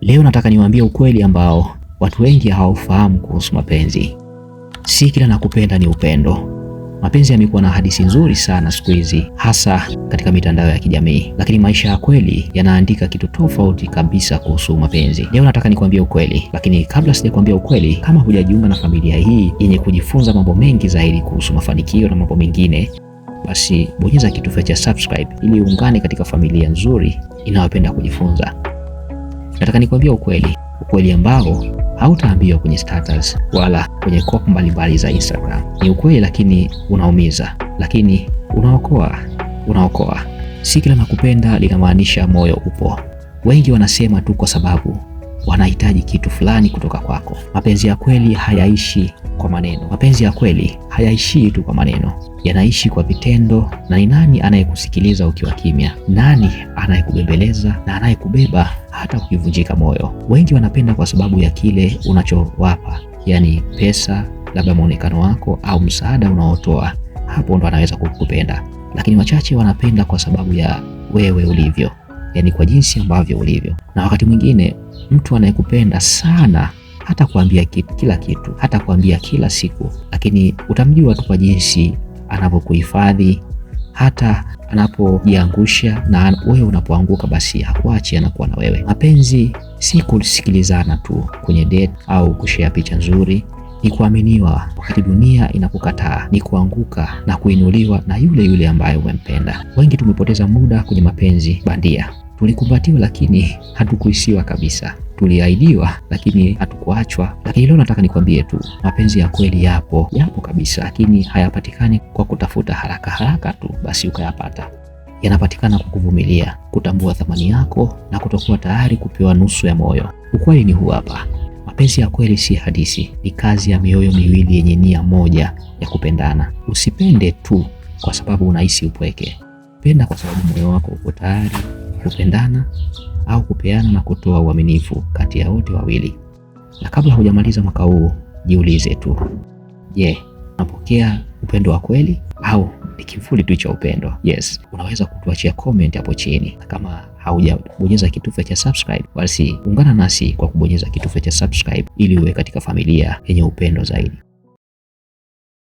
Leo nataka niwaambie ukweli ambao watu wengi hawaufahamu kuhusu mapenzi. Si kila nakupenda ni upendo. Mapenzi yamekuwa na hadithi nzuri sana siku hizi, hasa katika mitandao ya kijamii, lakini maisha ya kweli yanaandika kitu tofauti kabisa kuhusu mapenzi. Leo nataka nikwambie ukweli, lakini kabla sijakwambia ukweli, kama hujajiunga na familia hii yenye kujifunza mambo mengi zaidi kuhusu mafanikio na mambo mengine, basi bonyeza kitufe cha subscribe ili uungane katika familia nzuri inayopenda kujifunza. Nataka nikwambia ukweli, ukweli ambao hautaambiwa kwenye status wala kwenye kop mbalimbali za Instagram. Ni ukweli lakini unaumiza, lakini unaokoa, unaokoa. Si kila nakupenda linamaanisha moyo upo. Wengi wanasema tu kwa sababu wanahitaji kitu fulani kutoka kwako. Mapenzi ya kweli hayaishi kwa maneno. Mapenzi ya kweli hayaishii tu kwa maneno yanaishi kwa vitendo. Na ni nani anayekusikiliza ukiwa kimya? Nani anayekubembeleza na anayekubeba hata ukivunjika moyo? Wengi wanapenda kwa sababu ya kile unachowapa, yaani pesa, labda muonekano wako au msaada unaotoa, hapo ndo anaweza kukupenda. Lakini wachache wanapenda kwa sababu ya wewe ulivyo, yaani kwa jinsi ambavyo ulivyo. Na wakati mwingine mtu anayekupenda sana hata kuambia kila kitu, hata kuambia kila siku, lakini utamjua tu kwa jinsi anavyokuhifadhi, hata anapojiangusha na wewe unapoanguka, basi hakuachi, anakuwa na wewe. Mapenzi si kusikilizana tu kwenye date au kushea picha nzuri ni kuaminiwa wakati dunia inakukataa, ni kuanguka na kuinuliwa na yule yule ambaye umempenda. Wengi tumepoteza muda kwenye mapenzi bandia, tulikumbatiwa lakini hatukuhisiwa kabisa tuliahidiwa, lakini hatukuachwa. Lakini leo nataka nikwambie tu mapenzi ya kweli yapo, yapo kabisa, lakini hayapatikani kwa kutafuta haraka haraka tu basi ukayapata yanapatikana kwa kuvumilia, kutambua thamani yako na kutokuwa tayari kupewa nusu ya moyo. Ukweli ni huu hapa, mapenzi ya kweli si hadithi, ni kazi ya mioyo miwili yenye nia moja ya kupendana. Usipende tu kwa sababu unahisi upweke, penda kwa sababu moyo wako uko tayari kupendana au kupeana na kutoa uaminifu kati ya wote wawili. Na kabla hujamaliza mwaka huu, jiulize tu, je, unapokea upendo wa kweli au ni kivuli tu cha upendo? Yes, unaweza kutuachia comment hapo chini. Kama haujabonyeza kitufe cha subscribe, basi ungana nasi kwa kubonyeza kitufe cha subscribe ili uwe katika familia yenye upendo zaidi.